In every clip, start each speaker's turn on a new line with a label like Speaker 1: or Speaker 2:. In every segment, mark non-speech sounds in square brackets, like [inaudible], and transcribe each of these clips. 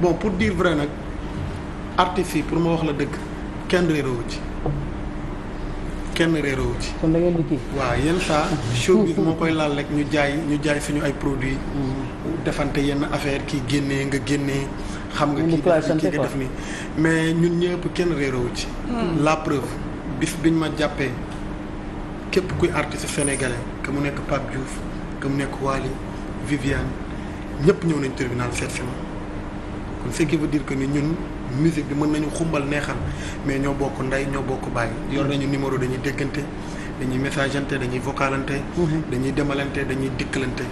Speaker 1: bon pour dire vrai nag artistes yi pour ma wax la dëgg kenn réeróowu ci kenn réeróowu ci. kon da ngeen di kii. waaw yenn saa showbiz moo koy laal rek ñu jaay ñu jaay suñu ay produits. defante yenn affaire kii génnee nga génnee. xam nga kii nga kii nga def nii mais ñun ñëpp kenn réeróowu ci. Hmm. la preuve bis biñ ma jàppee képp kuy artiste sénégalais que mu nekk Pape Diouf que mu nekk Wally Viviane ñëpp ñëw nañ tribunal seet si ma kon ce qui veut dire que ni ñun musique bi mën nañu xumbal neexal mais ñoo bokk ndey ñoo bokk bàyyi yor nañu numéro dañuy déggante dañuy messageante dañuy vocalante mhm. dañuy demalante dañuy dikkalante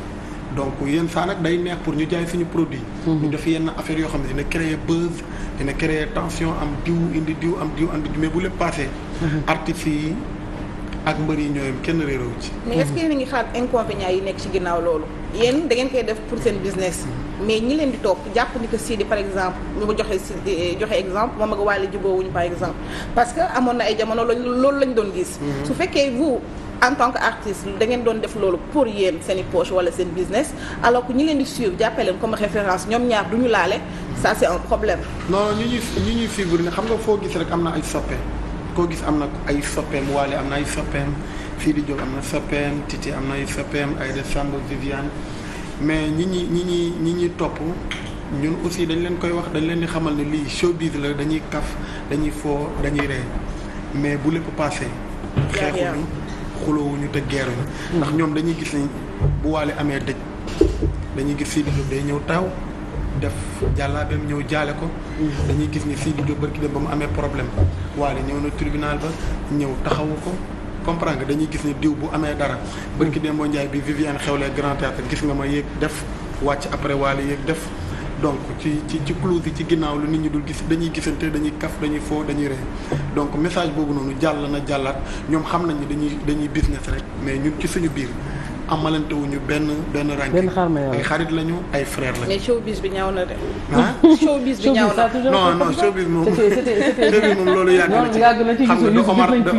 Speaker 1: donc yenn saa nag day neex pour ñu jaay suñu produit mhm. ñu def yenn affaire yoo xam ne dina créer buzz dina créer tension am diw indi diw am diw andi mais bu lépp passé mhm. artistes yi ak mbër yi ñooyam kenn réeréwu ci. mais est-ce que
Speaker 2: yéen a ngi xaar inconvénients yi nekk ci ginnaaw loolu. yéen da koy def pour seen business. mais ñi leen di topp jàpp ni que par exemple ñu ma joxe Sidi eh, eh, joxe exemple par exemple parce que amoon na ay jamono loolu lañ doon gis. Mm-hmm. su fekkee vous en tant que artiste da doon def loolu pour yéen seen i poche seen business alors que ñi leen di suivre jàppee leen comme référence ñoom ñaar du
Speaker 1: ñu laale koo gis am na ay soppeem waale am na ay soppeem fii di jóg am na soppeem titi am na ay soppeem ay de Samb Viviane mais ñi ñi ñi ñi ñi ñuy topp ñun aussi dañ leen koy wax dañ leen di xamal ne lii showbiz la dañuy kaf dañuy foo dañuy ree mais bu lépp passé xeexuñu xuloowuñu te geeruñu ndax ñoom dañuy gis ni bu waale amee dëj dañuy gis fii di jóg day ñëw taaw def jàllaabeem ñëw jaale ko. Mhm. dañuy gis ni Sidi Diop dem ba mu amee problème waale ñëw na tribunal ba ñëw taxawu ko. comprendre nga dañuy gis ni diw bu amee dara barki mhm. Dembo Ndiaye bi Viviane xewlee Grand Théâtre gis nga ma yéeg def wàcc après waale yéeg def donc ci ci ci close yi ci ginnaaw lu nit ñi dul gis dañuy gisante dañuy kaf dañuy foo dañuy rey donc message boobu noonu jàll na jàllaat ñoom xam nañ ni dañuy dañuy business rek mais ñun ci suñu biir amalante wuñu benn benn rànk. benn xaar ma ay xarit lañu ay frère lañu.
Speaker 2: mais showbiz bi ñaaw na de. ah [laughs] showbiz bi ñaaw na non non showbiz moom. showbiz moom loolu yàgg na ci yàgg na ci xam nga du Omar de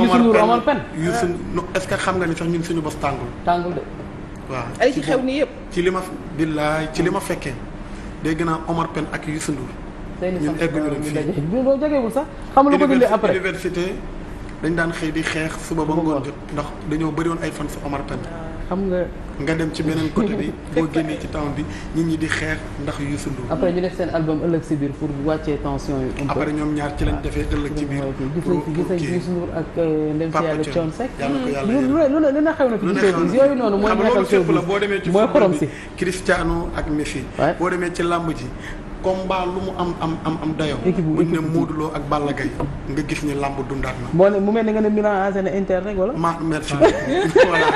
Speaker 1: xam nga ni sax ñun suñu bos tàngul. tàngul de. waaw ay ci xew nii yëpp. ci li ma billaay ci li ma fekkee dégg naa Omar Pène ak Youssou Ndour. ñun egguñu leen fii ñun jegewul sax xamul ko dindi après université dañ daan xëy di xeex suba ba ngoon jot ndax dañoo bëri woon ay fan Omar Pène xam nga. nga dem ci beneen côté bi boo génnee ci temps bi nit ñi di xeex ndax Youssou Ndour. après
Speaker 2: ñu def seen album ëllëg si biir pour wàccee tension yi. après
Speaker 1: ñoom ñaar ci lañ defee ëllëg ci biir. pour pour
Speaker 2: kii gis ak euh, ndem si yàlla Thione Seck. lu ne lu ne xew na fi gis yooyu noonu. mooy nekkal showbiz mooy xorom
Speaker 1: si xam boo demee ci ak Messi. boo demee ci làmb ji. comme combat lu mu am am am am dayoo. équipe bu ne Modou Lo ak Balla Gaye nga gis ni làmb dundaat na.
Speaker 2: boo ne mu mel ni nga ne Milan enchaîné Inter rek wala. ma merci
Speaker 1: ah. [laughs] voilà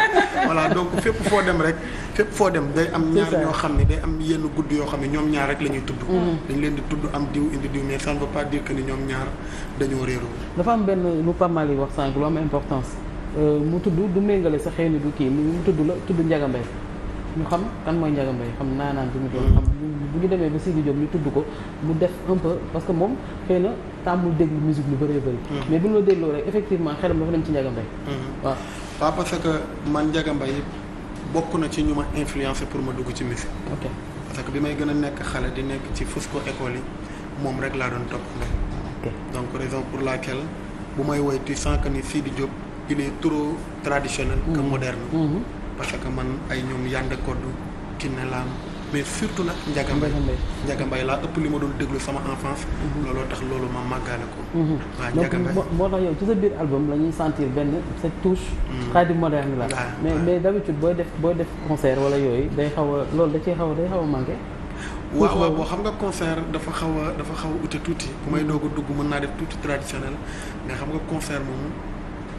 Speaker 1: voilà donc fépp foo dem rek fépp foo dem day am. ñaar ñoo xam ne day am yenn gudd yoo xam ne ñoom ñaar rek la ñuy tudd. Mm-hmm. dañ leen di tudd am diw indi diw mais ça ne veut pas dire que ni ñoom ñaar dañoo réeroo.
Speaker 2: dafa am benn lu pas mal yi wax sànq lu am importance euh, mu tudd du méngale sa xëy na du kii mu tudd la tudd Ndiaga Mbaye ñu xam kan mooy Ndiaga Mbaye xam naanaan bi mu doon xam bu ñu demee ba Sidi Diop ñu tudd ko mu def un peu parce que moom xëy na tàmmul déglu musique lu bëree bëri mm-hmm. mais bu ñu la dégloo rek effectivement xelam dafa dem
Speaker 1: ci Ndiaga Mbaye mm-hmm. waaw que man Ndiaga Mbaye bokk na ci ñu ma influencé pour ma dugg ci musique ok parce que bi may gën a nekk xale di nekk ci ko école yi moom rek laa doon topp donc raison pour la laquelle bu may woy tu sens que ni Sidi Diop il est trop traditionnel que mm-hmm. moderne parce que man ay ñoom yande koddu kinne laam mais surtout nag Ndiaga Mbaye Ndiaga Mbaye laa ëpp li ma doon déglu sama enfance mhm. looloo tax loolu ma màggaale ko
Speaker 2: mhm. waaw Ndiaga moo tax yow ci sa biir album la ñuy sentir benn sa touche xaadim mhm. moderne la mais mais d'habitude booy def booy def concert wala yooyu day xaw a loolu da ciy xaw a day xaw a manqué waaw waaw boo
Speaker 1: xam nga concert dafa xaw a dafa xaw a ute tuuti bu may doog dugg mën naa def tuuti traditionnel mais xam nga concert moom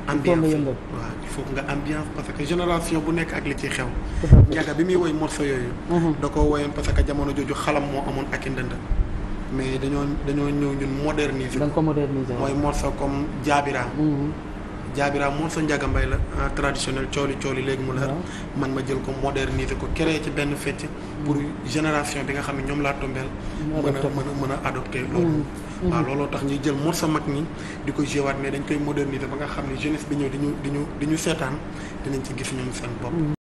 Speaker 1: ambiance waaw il faut nga ambiance parce que génération bu nekk ak li ci xew. njaaga bi muy woy morso yooyu. Mm-hmm. da ko woyoon parce que jamono jooju xalam moo amoon ak i ndënd. mais dañoo dañoo ñëw ñun moderniser. da nga ko moderniser mooy morso comme jaabira mm-hmm. jaabiraa moom sa njaga mbay la ah, traditionnel cooli cooli léegi mu leer man ma jël ko moderniser ko créer ci benn fecc pour mm. génération bi nga xam ne ñoom laa tombeel mën a mën a mën a adopté loolu mm. Mm. waaw looloo tax ñuy jël morceau mag ni di ko jéewaat mais dañ koy moderniser ba nga xam ne jeunesse bi ñëw di ñu di ñu di ñu seetaan dinañ ci gis ñoom seen bopp